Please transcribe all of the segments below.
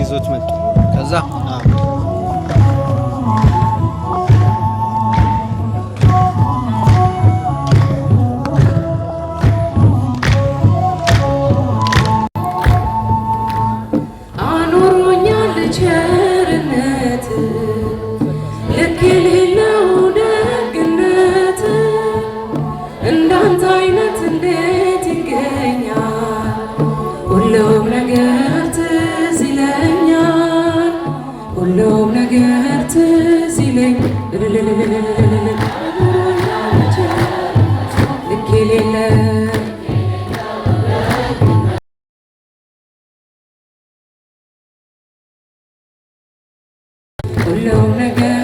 ይዞት መጡ። ከዛ ያዕቆብ ነገር ትዝ ይለኝ ልክ የሌለ ሁሉም ነገር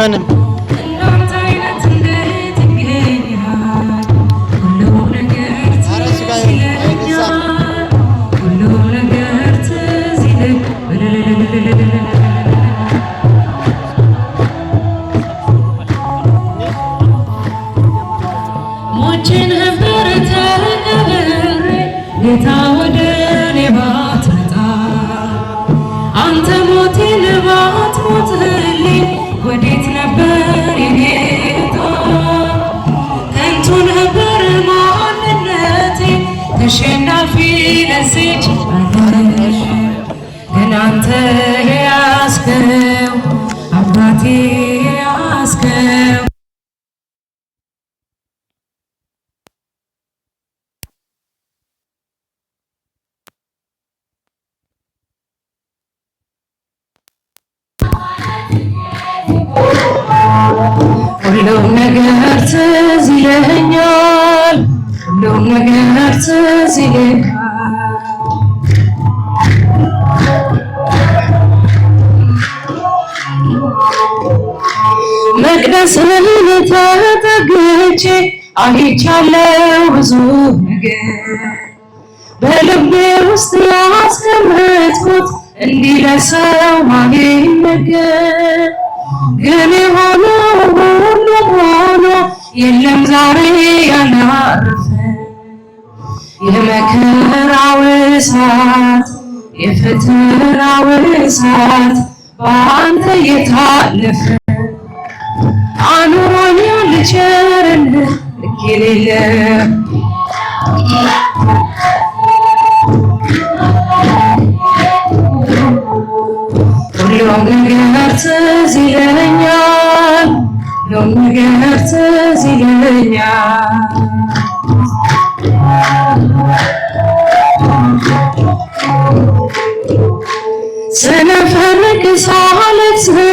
አይሆንም። ስጭ ግን አንተ የያዝከው አባቴ የያዝከው ሁሉም ነገር ትዝ ይለኛል ሁሉም ነገር ትዝ ይለኛል ለደስህን ተጠግቼ አይቻለው ብዙ ነገር በልቤ ውስጥ ያስቀመጥኩት እንዲህ ለሰው ማግኘት ግን የሆነው ሁሉም ሆኖ የለም ዛሬ ያላረፈ የመከራው እሳት የፈተናው እሳት በአንተ የታለፈ അനുറഞ്ഞ ചേരണ്ട് കിളില് Gönülsüz ilerleyen, yolunu gönülsüz ilerleyen. Sana fark sağlıksız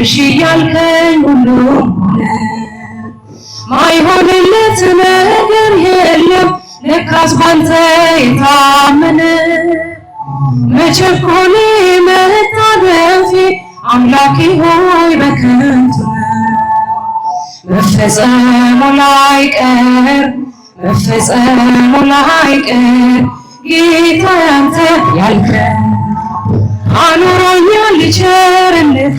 እሺ ያልከኝ ሁሉ ሆነ። ማይሆንለት ነገር የለም ለካስ ባንተ የታመነ መቸኮሌ መታደፊ አምላኬ ሆይ በከንቱ መፈጸሙ ላይቀር መፈጸሙ ላይቀር ጌታ ያንተ ያልከኝ አኑሮኛል ቸርነት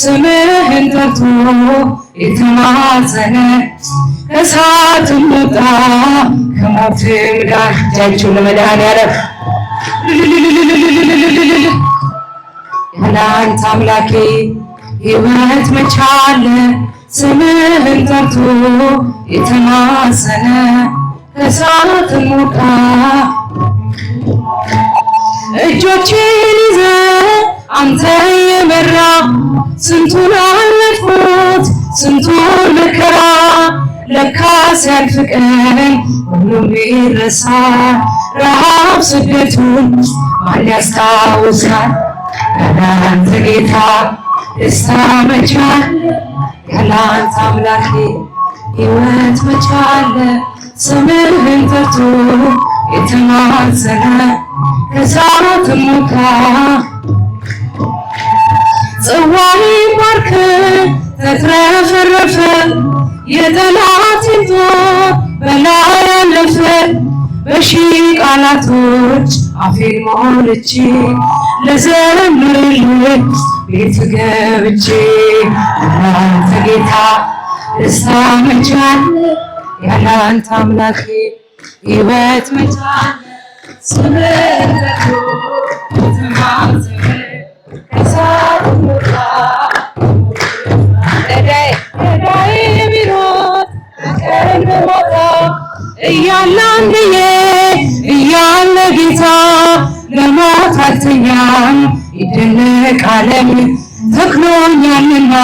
ስምህን ጠርቶ የተማፀነ እሳትም ወጣ ከሞትም ዳር እጃችሁን ለመድኃኒዓለም ያለ አንተ አምላኬ ሕይወት መቻለ ስምህን ጠርቶ የተማፀነ እሳትም ወጣ እጆችን ይዘ አንተ የመራ ስንቱን አለፍኩት ስንቱን መከራ ለካስ ያልፍቀን ሁሉም ይረሳ ረሃብ ስደቱን ማን ያስታውሳል? ያላንተ ጌታ ደስታ መቻለ ያላንተ አምላኬ ሕይወት መቻለ ስምህን ጠርቶ የተማዘነ ከዛትሞካ ጽዋዬ ባርክ ተትረፈረፈ የጠላቴን ጦር በላይ ያለፈ በሺ ቃላቶች አፌን ሞልቼ ልዘምርልህ ቤት ገብቼ ያላንተ ጌታ ደስታ መቼ አለ ያላንተ አምላኬ ሕይወት መቼ አለ እያለ አንድዬ እያለ ጌታ ለሞት አልተኛም፣ ይደነቅ ዓለም ተክሎኛልና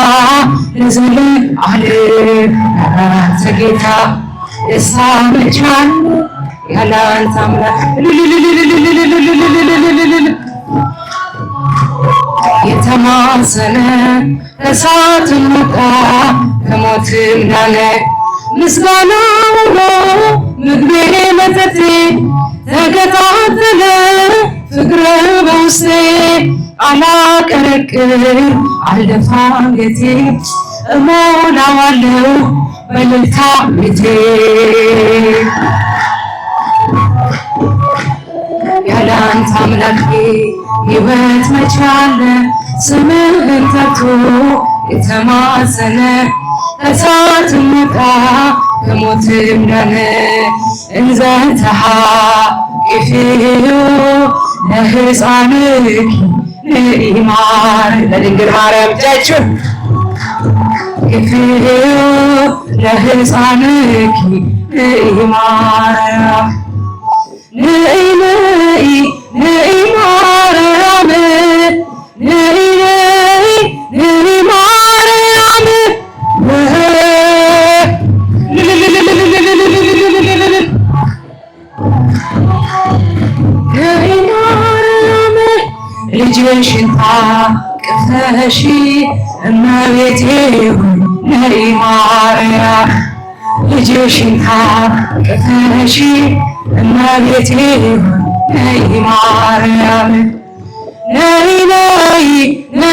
ለዘለ አልም አንተ ጌታ ደስታ መቻል ያለ አንተ አምላክ የተማሰነ እሳት ንቆ ከሞት ዳነ ምስጋና ሆኖ ምግቤ መጠቴ ተገታተለ ፍቅር በውስጤ አላቀረቅር አልደፋ ቤቴ እሞላዋለሁ በልልታ ቤቴ አምላኬ ሕይወት መቻለ ስምህን ጠርቶ የተማዘነ እሳት ነቃ ከሞትም ዳነ እንዘንተሃ ይፍዮ ለሕፃንኪ ንኢማር ለድንግል ማርያም እጃችሁ ይፍዮ ለሕፃንኪ ንኢማር ንኢ ንኢ ልጅሽን ታቅፈሽ እመቤቴ ሆይ ነይ ማርያም ልጅሽን ታቅፈሽ እመቤቴ ሆይ Nay, Nay, Nay, Nay,